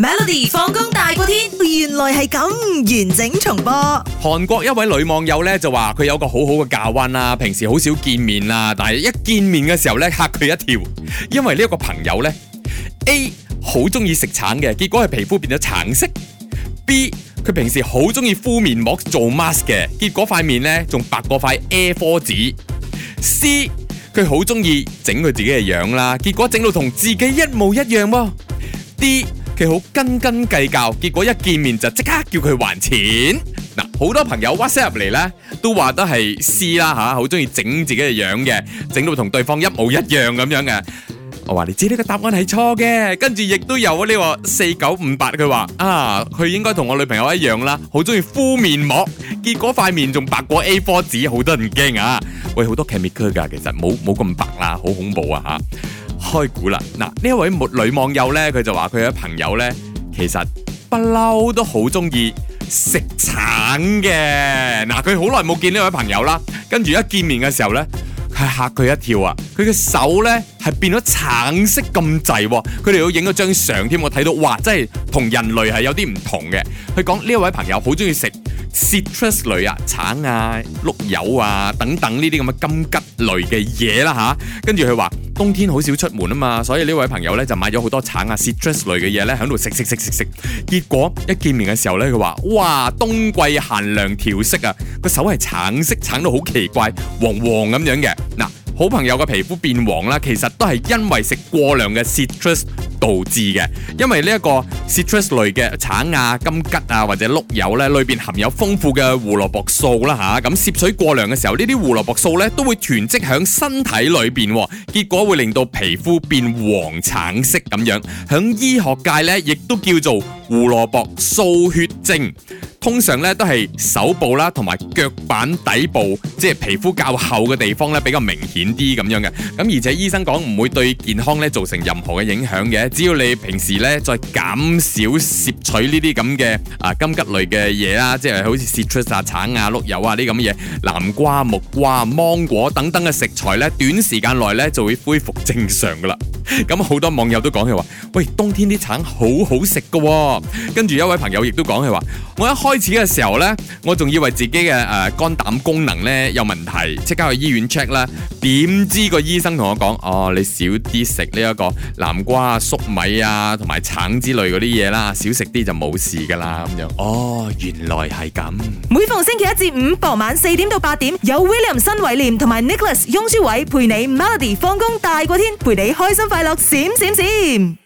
Melody 放工大過天，原來係咁。完整重播。韓國一位女網友咧就話佢有個好好嘅架灣啦，平時好少見面啦，但係一見面嘅時候咧吓佢一跳，因為呢一個朋友咧 A 好中意食橙嘅，結果係皮膚變咗橙色；B 佢平時好中意敷面膜做 mask 嘅，結果塊面咧仲白過塊 A4 紙；C 佢好中意整佢自己嘅樣啦，結果整到同自己一模一樣。D 佢好斤斤計較，結果一見面就即刻叫佢還錢。嗱，好多朋友 WhatsApp 入嚟呢，都話都係 C 啦吓，好中意整自己嘅樣嘅，整到同對方一模一樣咁樣嘅。我話你知呢個答案係錯嘅，跟住亦都有呢個四九五八，佢話啊，佢應該同我女朋友一樣啦，好中意敷面膜，結果塊面仲白過 A4 紙，好多人驚啊！喂，好多 Chemical 㗎，其實冇冇咁白啦，好恐怖啊吓。開估啦，嗱，呢一位女網友咧，佢就話佢有朋友咧，其實不嬲都好中意食橙嘅。嗱，佢好耐冇見呢位朋友啦，跟住一見面嘅時候咧，佢吓佢一跳啊！佢嘅手咧係變咗橙色咁滯，佢哋要影咗張相添，我睇到，哇，真係同人類係有啲唔同嘅。佢講呢一位朋友好中意食 citrus 類啊，橙啊、碌柚啊等等呢啲咁嘅柑橘類嘅嘢啦吓，跟住佢話。冬天好少出門啊嘛，所以呢位朋友呢就買咗好多橙啊、citrus 類嘅嘢呢喺度食食食食食，結果一見面嘅時候呢，佢話：「哇，冬季限量調色啊，個手係橙色，橙到好奇怪，黃黃咁樣嘅。嗱，好朋友嘅皮膚變黃啦，其實都係因為食過量嘅 citrus，導致嘅，因為呢一個 citrus 類嘅橙啊、金桔啊或者碌柚呢裏邊含有豐富嘅胡蘿蔔素啦吓，咁攝取過量嘅時候，呢啲胡蘿蔔素呢都會囤積喺身體裏邊，哦，結果會令到皮膚變黃橙色咁樣，喺醫學界呢，亦都叫做胡蘿蔔素血症。通常咧，都係手部啦，同埋腳板底部，即係皮膚較厚嘅地方咧，比較明顯啲咁樣嘅。咁而且醫生講唔會對健康咧造成任何嘅影響嘅。只要你平時咧再減少攝取呢啲咁嘅啊柑桔類嘅嘢啦，即係好似攝出啊橙啊、碌柚啊啲咁嘅嘢，南瓜、木瓜、芒果等等嘅食材咧，短時間內咧就會恢復正常噶啦。咁好多網友都講佢話，喂，冬天啲橙好好食噶。跟住一位朋友亦都講佢話，我一開始嘅時候呢，我仲以為自己嘅誒肝膽功能呢有問題，即刻去醫院 check 啦。點知個醫生同我講，哦，你少啲食呢一個南瓜、粟米啊，同埋橙之類嗰啲嘢啦，少食啲就冇事噶啦。咁就，哦，原來係咁。每逢星期一至五傍晚四點到八點，有 William 新偉廉同埋 Nicholas 雍舒偉陪你 Melody 放工大過天，陪你開心快樂閃閃閃。